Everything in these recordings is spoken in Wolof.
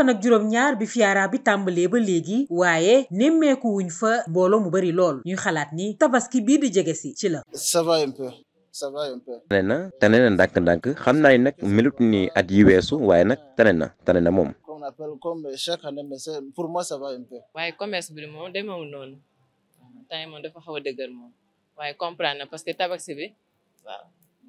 fan ak juróom ñaar bi fiara bi tàmbalee ba léegi waaye nemmeeku wuñ fa mbooloo mu bari lool ñuy xalaat ni tabaski bii di jege si ci la. ça va un peu. ça va un peu. tane na tane na ndànk-ndànk xam naa ni nag melut ni at yi weesu waaye nag tane na tane na moom. on appelle comme chaque année mais pour moi ça va un peu. waaye commerce bi moom demeewul noonu temps yi moom dafa xaw a dëgër moom waaye comprendre na parce que tabaski bi waaw.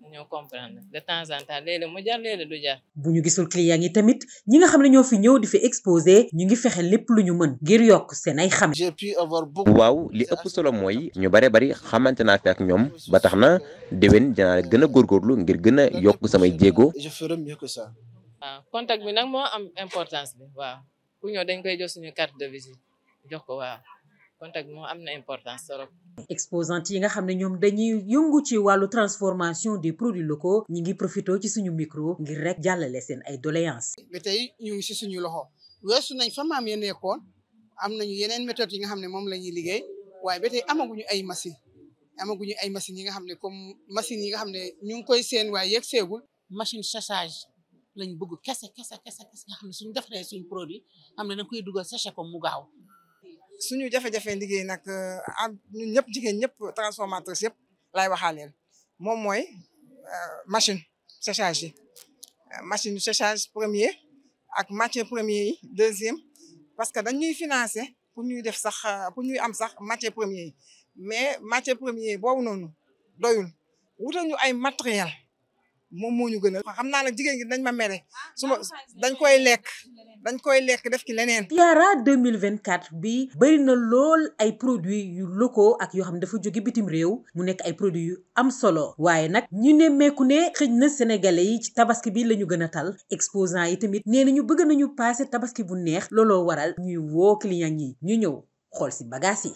ñoo comprendre de temps en temps léeg-léeg mu jar léeg-léeg du jar. bu ñu gisul client yi tamit ñi nga xam ne ñoo fi ñëw di fi exposé ñu ngi fexe lépp lu ñu mën ngir yokk seen ay xam. waaw li ëpp solo mooy ñu bare bari xamante naa fi ak ñoom ba tax na déwén dinaa gën a góorgóorlu ngir gën a yokk samay jéego. waaw contact bi nag moo am importance bi waaw ku ñëw dañ koy jox suñu carte de visite jox ko waaw contact bi moo am na importance trop. exposante yi nga xam ne ñoom dañuy yëngu ci wàllu transformation des produits locaux ñi ngi profité ci suñu micro ngir rek jàllale seen ay doléances. ba tey ñu ngi si suñu loxo weesu nañ fa maam ya nekkoon am nañu yeneen méthode yi nga xam ne moom la ñuy liggéey waaye ba tey amaguñu ay machine amaguñu ay machines yi nga xam ne comme machines yi nga xam ne ñu ngi koy seen waaye yegg seegul machine séchage lañ bëgg kese kese kese nga xam ne suñu defaree suñu produit xam ne dañ koy dugal séché ko mu gaaw suñu jafe-jafe liggéey nag euh, ñun ñëpp jigéen ñëpp transformatrice yëpp laay waxaaleel moom mooy euh, machine séchage yi euh, machine séchage premier ak matière première yi deuxième parce que dañuy financer pour ñuy def sax pour ñuy am sax matière premier yi mais matière premier yi boobu noonu doyul wutañu ay matériel moom moo ñu gënal. xam naa nag jigéen gi dañ ma mere ah, su ma dañ koy lekk dañ koy lekk def ci leneen. mille Tiara quatre bi bëri na lool ay produits yu locaux ak yoo xam ne dafa jóge bitim réew mu nekk ay produits yu am solo waaye nag ñu ne meeku ne xëñ na sénégalais yi ci tabaski bi la ñu gën a tal exposants yi tamit nee na ñu bëgg nañu passé tabaski bu neex looloo waral ñuy woo client yi ñu ñëw xool si bagage yi.